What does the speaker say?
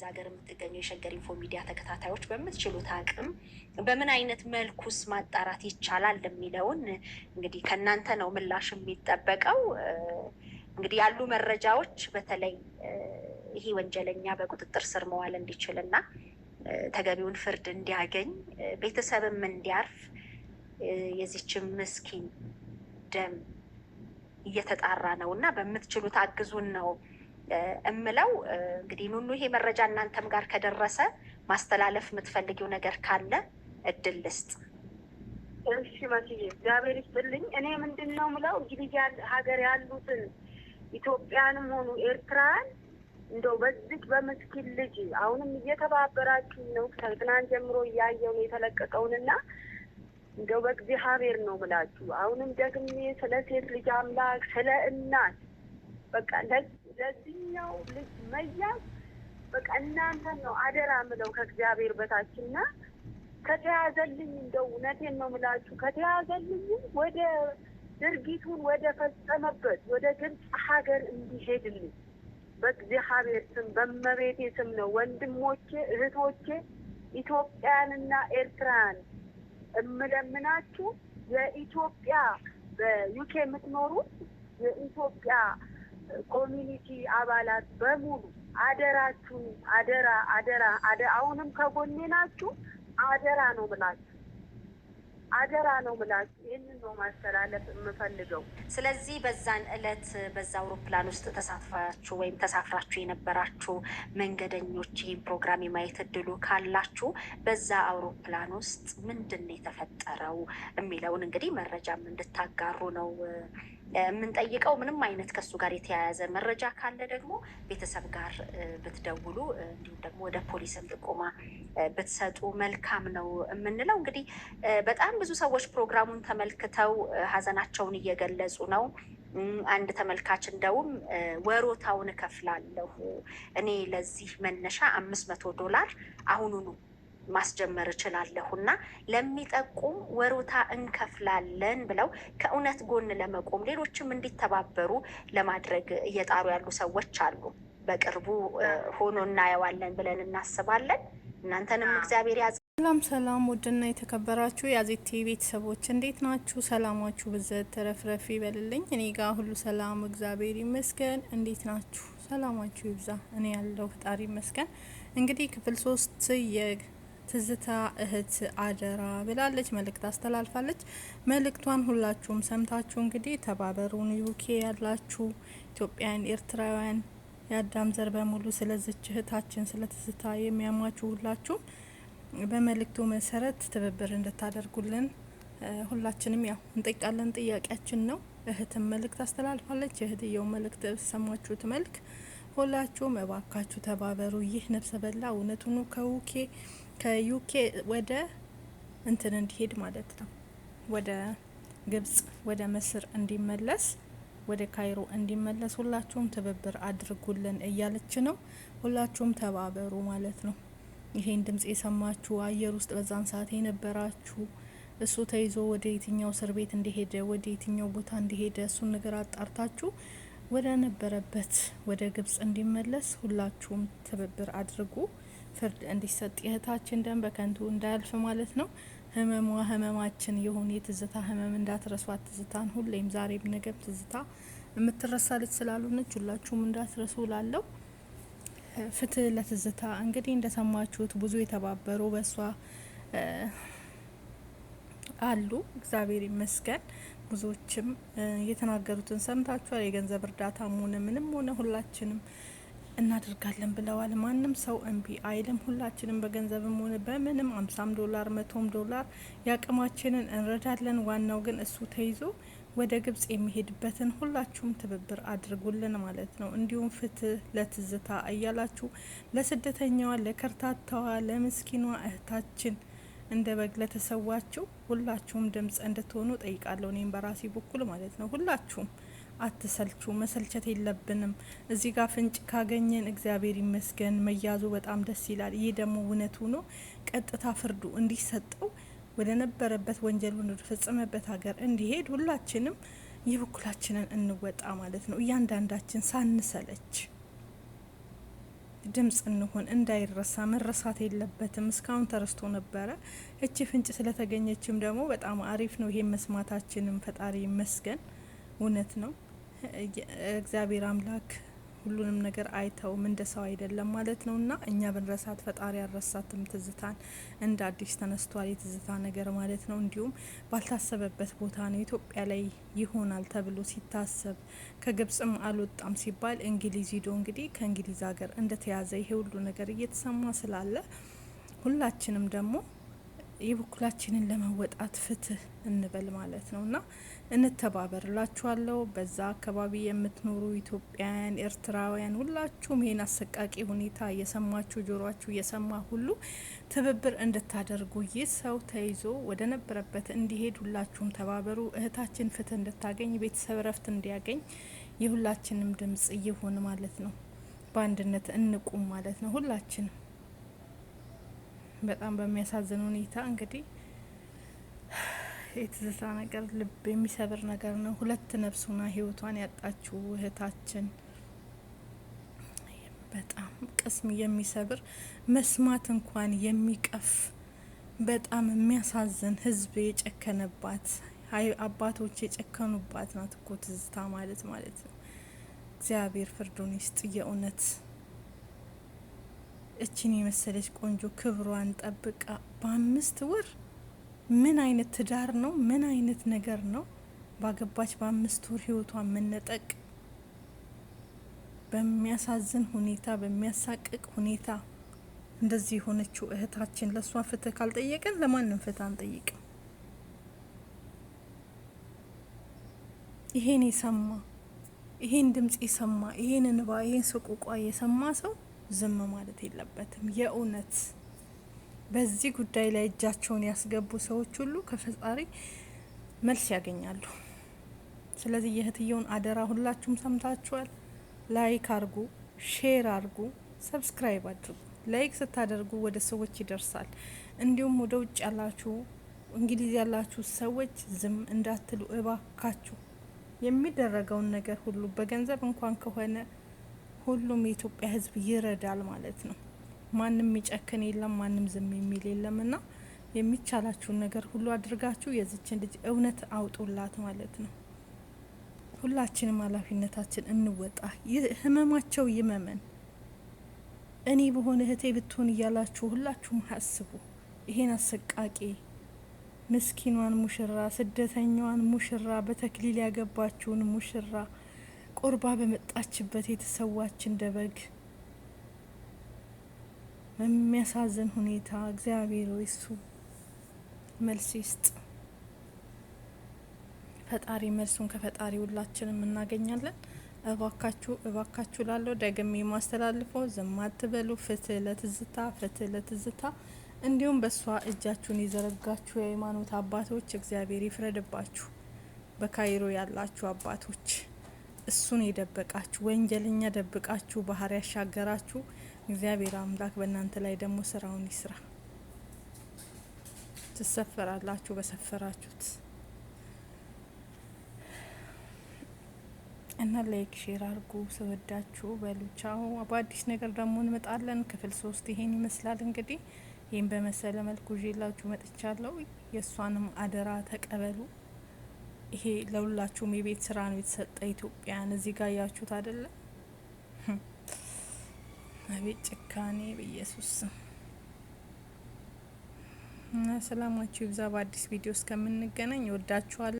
እዛ ሀገር የምትገኙ የሸገር ኢንፎ ሚዲያ ተከታታዮች በምትችሉት አቅም በምን አይነት መልኩስ ማጣራት ይቻላል የሚለውን እንግዲህ ከእናንተ ነው ምላሽ የሚጠበቀው። እንግዲህ ያሉ መረጃዎች በተለይ ይሄ ወንጀለኛ በቁጥጥር ስር መዋል እንዲችልና ተገቢውን ፍርድ እንዲያገኝ ቤተሰብም እንዲያርፍ የዚችን ምስኪን ደም እየተጣራ ነው እና በምትችሉት አግዙን ነው እምለው እንግዲህ ኑኑ ይሄ መረጃ እናንተም ጋር ከደረሰ ማስተላለፍ የምትፈልጊው ነገር ካለ እድል ልስጥ። እሺ መሲዬ እግዚአብሔር ይስጥልኝ። እኔ ምንድን ነው ምለው እንግዲህ ሀገር ያሉትን ኢትዮጵያንም ሆኑ ኤርትራን እንደው በዚህ በምስኪን ልጅ አሁንም እየተባበራችሁ ነው። ከትናንት ጀምሮ እያየው ነው የተለቀቀውንና እንደው በእግዚአብሔር ነው ምላችሁ። አሁንም ደግሜ ስለ ሴት ልጅ አምላክ ስለ እናት በቃ ለዚህኛው ልጅ መያዝ በቃ እናንተን ነው አደራ ምለው ከእግዚአብሔር በታችና ከተያዘልኝ እንደው እውነቴን ነው ምላችሁ ከተያዘልኝ ወደ ድርጊቱን ወደ ፈጸመበት ወደ ግብፅ ሀገር እንዲሄድልኝ በእግዚአብሔር ስም በመቤቴ ስም ነው። ወንድሞቼ እህቶቼ፣ ኢትዮጵያንና ኤርትራን እምለምናችሁ የኢትዮጵያ በዩኬ የምትኖሩት የኢትዮጵያ ኮሚኒቲ አባላት በሙሉ አደራችሁ፣ አደራ አደራ አደ አሁንም ከጎኔ ናችሁ። አደራ ነው ምላችሁ፣ አደራ ነው ምላችሁ። ይህንን ነው ማስተላለፍ የምፈልገው። ስለዚህ በዛን እለት በዛ አውሮፕላን ውስጥ ተሳፍራችሁ ወይም ተሳፍራችሁ የነበራችሁ መንገደኞች ይህን ፕሮግራም የማየት እድሉ ካላችሁ በዛ አውሮፕላን ውስጥ ምንድን ነው የተፈጠረው የሚለውን እንግዲህ መረጃም እንድታጋሩ ነው የምንጠይቀው ምንም አይነት ከሱ ጋር የተያያዘ መረጃ ካለ ደግሞ ቤተሰብ ጋር ብትደውሉ እንዲሁም ደግሞ ወደ ፖሊስም ጥቆማ ብትሰጡ መልካም ነው የምንለው። እንግዲህ በጣም ብዙ ሰዎች ፕሮግራሙን ተመልክተው ሀዘናቸውን እየገለጹ ነው። አንድ ተመልካች እንደውም ወሮታውን እከፍላለሁ እኔ ለዚህ መነሻ አምስት መቶ ዶላር አሁኑኑ ማስጀመር እችላለሁና ለሚጠቁም ወሮታ እንከፍላለን ብለው ከእውነት ጎን ለመቆም ሌሎችም እንዲተባበሩ ለማድረግ እየጣሩ ያሉ ሰዎች አሉ። በቅርቡ ሆኖ እናየዋለን ብለን እናስባለን። እናንተንም እግዚአብሔር ያዝ። ሰላም ሰላም፣ ውድና የተከበራችሁ የአዜቴ ቤተሰቦች እንዴት ናችሁ? ሰላማችሁ ብዘት ተረፍረፍ ይበልልኝ። እኔ ጋር ሁሉ ሰላም እግዚአብሔር ይመስገን። እንዴት ናችሁ? ሰላማችሁ ይብዛ። እኔ ያለው ፈጣሪ ይመስገን። እንግዲህ ክፍል ሶስት ትዝታ እህት አደራ ብላለች፣ መልእክት አስተላልፋለች። መልእክቷን ሁላችሁም ሰምታችሁ እንግዲህ ተባበሩን። ዩኬ ያላችሁ ኢትዮጵያን፣ ኤርትራውያን የአዳም ዘር በሙሉ ስለዝች እህታችን ስለ ትዝታ የሚያሟችሁ ሁላችሁም በመልእክቱ መሰረት ትብብር እንድታደርጉልን ሁላችንም ያው እንጠይቃለን። ጥያቄያችን ነው። እህትም መልእክት አስተላልፋለች። የእህትየው መልእክት ሰማችሁት መልክ ሁላችሁም እባካችሁ ተባበሩ። ይህ ነፍሰ በላ እውነቱኑ ከውኬ ከዩኬ ወደ እንትን እንዲሄድ ማለት ነው ወደ ግብጽ ወደ ምስር እንዲመለስ ወደ ካይሮ እንዲመለስ ሁላችሁም ትብብር አድርጉልን እያለች ነው። ሁላችሁም ተባበሩ ማለት ነው። ይሄን ድምጽ የሰማችሁ አየር ውስጥ በዛን ሰዓት የነበራችሁ እሱ ተይዞ ወደ የትኛው እስር ቤት እንደሄደ ወደ የትኛው ቦታ እንደሄደ እሱን ነገር አጣርታችሁ ወደ ነበረበት ወደ ግብጽ እንዲመለስ ሁላችሁም ትብብር አድርጉ። ፍርድ እንዲሰጥ የእህታችን ደም በከንቱ እንዳያልፍ ማለት ነው። ህመሟ ህመማችን የሆነ የትዝታ ህመም እንዳትረሷት። ትዝታን ሁሌም ዛሬም ነገም ትዝታ የምትረሳለች ስላልሆነች ሁላችሁም እንዳትረሱ ላለው ፍትህ ለትዝታ እንግዲህ እንደሰማችሁት ብዙ የተባበሩ በእሷ አሉ። እግዚአብሔር ይመስገን። ብዙዎችም የተናገሩትን ሰምታችኋል። የገንዘብ እርዳታም ሆነ ምንም ሆነ ሁላችንም እናደርጋለን ብለዋል። ማንም ሰው እምቢ አይልም። ሁላችንም በገንዘብም ሆነ በምንም አምሳም ዶላር መቶም ዶላር ያቅማችንን እንረዳለን። ዋናው ግን እሱ ተይዞ ወደ ግብጽ የሚሄድበትን ሁላችሁም ትብብር አድርጉልን ማለት ነው። እንዲሁም ፍትህ ለትዝታ እያላችሁ ለስደተኛዋ፣ ለከርታታዋ፣ ለምስኪኗ እህታችን እንደ በግ ለተሰዋችሁ ሁላችሁም ድምጽ እንድትሆኑ ጠይቃለሁ። እኔም በራሴ በኩል ማለት ነው ሁላችሁም አትሰልቹ፣ መሰልቸት የለብንም። እዚህ ጋር ፍንጭ ካገኘን እግዚአብሔር ይመስገን፣ መያዙ በጣም ደስ ይላል። ይህ ደግሞ እውነቱ ነው። ቀጥታ ፍርዱ እንዲሰጠው ወደ ነበረበት ወንጀሉን ወደፈጸመበት ሀገር እንዲሄድ ሁላችንም የበኩላችንን እንወጣ ማለት ነው። እያንዳንዳችን ሳንሰለች ድምጽ እንሆን፣ እንዳይረሳ መረሳት የለበትም። እስካሁን ተረስቶ ነበረ። እቺ ፍንጭ ስለተገኘችም ደግሞ በጣም አሪፍ ነው። ይሄን መስማታችንም ፈጣሪ ይመስገን፣ እውነት ነው። እግዚአብሔር አምላክ ሁሉንም ነገር አይተውም እንደ ሰው አይደለም ማለት ነው። እና እኛ ብንረሳት ፈጣሪ አልረሳትም። ትዝታን እንደ አዲስ ተነስቷል የትዝታ ነገር ማለት ነው። እንዲሁም ባልታሰበበት ቦታ ነው ኢትዮጵያ ላይ ይሆናል ተብሎ ሲታሰብ ከግብጽም አልወጣም ሲባል እንግሊዝ ሂዶ እንግዲህ ከእንግሊዝ ሀገር እንደተያዘ ይሄ ሁሉ ነገር እየተሰማ ስላለ ሁላችንም ደግሞ የበኩላችንን ለመወጣት ፍትህ እንበል ማለት ነው እና እንተባበርላችኋለሁ። በዛ አካባቢ የምትኖሩ ኢትዮጵያውያን፣ ኤርትራውያን ሁላችሁም ይህን አሰቃቂ ሁኔታ እየሰማችሁ ጆሮችሁ እየሰማ ሁሉ ትብብር እንድታደርጉ ይህ ሰው ተይዞ ወደ ነበረበት እንዲሄድ ሁላችሁም ተባበሩ። እህታችን ፍትህ እንድታገኝ፣ ቤተሰብ ረፍት እንዲያገኝ የሁላችንም ድምጽ ይሁን ማለት ነው። በአንድነት እንቁም ማለት ነው። ሁላችንም በጣም በሚያሳዝን ሁኔታ እንግዲህ የተዘሳ ነገር ልብ የሚሰብር ነገር ነው። ሁለት ነፍሱና ህይወቷን ያጣችው እህታችን በጣም ቅስም የሚሰብር መስማት እንኳን የሚቀፍ በጣም የሚያሳዝን ህዝብ የጨከነባት አባቶች የጨከኑባት ናት እኮ ትዝታ ማለት ማለት ነው። እግዚአብሔር ፍርዱን ይስጥ። የእውነት እችን የመሰለች ቆንጆ ክብሯን ጠብቃ በአምስት ወር ምን አይነት ትዳር ነው? ምን አይነት ነገር ነው? ባገባች በአምስት ወር ህይወቷን መነጠቅ በሚያሳዝን ሁኔታ በሚያሳቅቅ ሁኔታ እንደዚህ የሆነችው እህታችን ለእሷ ፍትህ ካልጠየቀን ለማንም ፍትህ አንጠይቅም። ይሄን የሰማ ይሄን ድምጽ የሰማ ይሄን እንባ ይሄን ስቁቋ የሰማ ሰው ዝም ማለት የለበትም የእውነት በዚህ ጉዳይ ላይ እጃቸውን ያስገቡ ሰዎች ሁሉ ከፈጣሪ መልስ ያገኛሉ። ስለዚህ የእህትየውን አደራ ሁላችሁም ሰምታችኋል። ላይክ አርጉ፣ ሼር አርጉ፣ ሰብስክራይብ አድርጉ። ላይክ ስታደርጉ ወደ ሰዎች ይደርሳል። እንዲሁም ወደ ውጭ ያላችሁ እንግሊዝ ያላችሁ ሰዎች ዝም እንዳትሉ እባካችሁ። የሚደረገውን ነገር ሁሉ በገንዘብ እንኳን ከሆነ ሁሉም የኢትዮጵያ ሕዝብ ይረዳል ማለት ነው። ማንም የሚጨክን የለም፣ ማንም ዝም የሚል የለም እና የሚቻላችሁን ነገር ሁሉ አድርጋችሁ የዚችን ልጅ እውነት አውጡላት ማለት ነው። ሁላችንም ኃላፊነታችን እንወጣ። ህመማቸው ይመመን፣ እኔ በሆነ እህቴ ብትሆን እያላችሁ ሁላችሁም አስቡ። ይሄን አሰቃቂ ምስኪኗን ሙሽራ፣ ስደተኛዋን ሙሽራ፣ በተክሊል ያገባችውን ሙሽራ ቆርባ በመጣችበት የተሰዋች እንደ በግ በሚያሳዝን ሁኔታ እግዚአብሔር ወይ እሱ መልስ ይስጥ። ፈጣሪ መልሱን ከፈጣሪ ሁላችንም እናገኛለን። እባካችሁ እባካችሁ ላለው ደግሜ የማስተላልፈው ዝም አትበሉ። ፍትህ ለትዝታ ፍትህ ለትዝታ። እንዲሁም በእሷ እጃችሁን የዘረጋችሁ የሃይማኖት አባቶች እግዚአብሔር ይፍረድባችሁ። በካይሮ ያላችሁ አባቶች፣ እሱን የደበቃችሁ ወንጀለኛ ደብቃችሁ ባህር ያሻገራችሁ እግዚአብሔር አምላክ በእናንተ ላይ ደግሞ ስራውን ይስራ። ትሰፈራላችሁ በሰፈራችሁት እና ላይክ ሼር አርጉ። ስወዳችሁ በሉቻው። በአዲስ ነገር ደግሞ እንመጣለን። ክፍል ሶስት ይሄን ይመስላል እንግዲህ ይህም በመሰለ መልኩ ይዤላችሁ መጥቻለሁ። የእሷንም አደራ ተቀበሉ። ይሄ ለሁላችሁም የቤት ስራ ነው የተሰጠ ኢትዮጵያን እዚህ ጋር ያችሁት አይደለም። አቤት ጭካኔ በኢየሱስ ሰላማችሁ ይብዛ። በአዲስ ቪዲዮ እስከምንገናኝ ወዳችኋለሁ።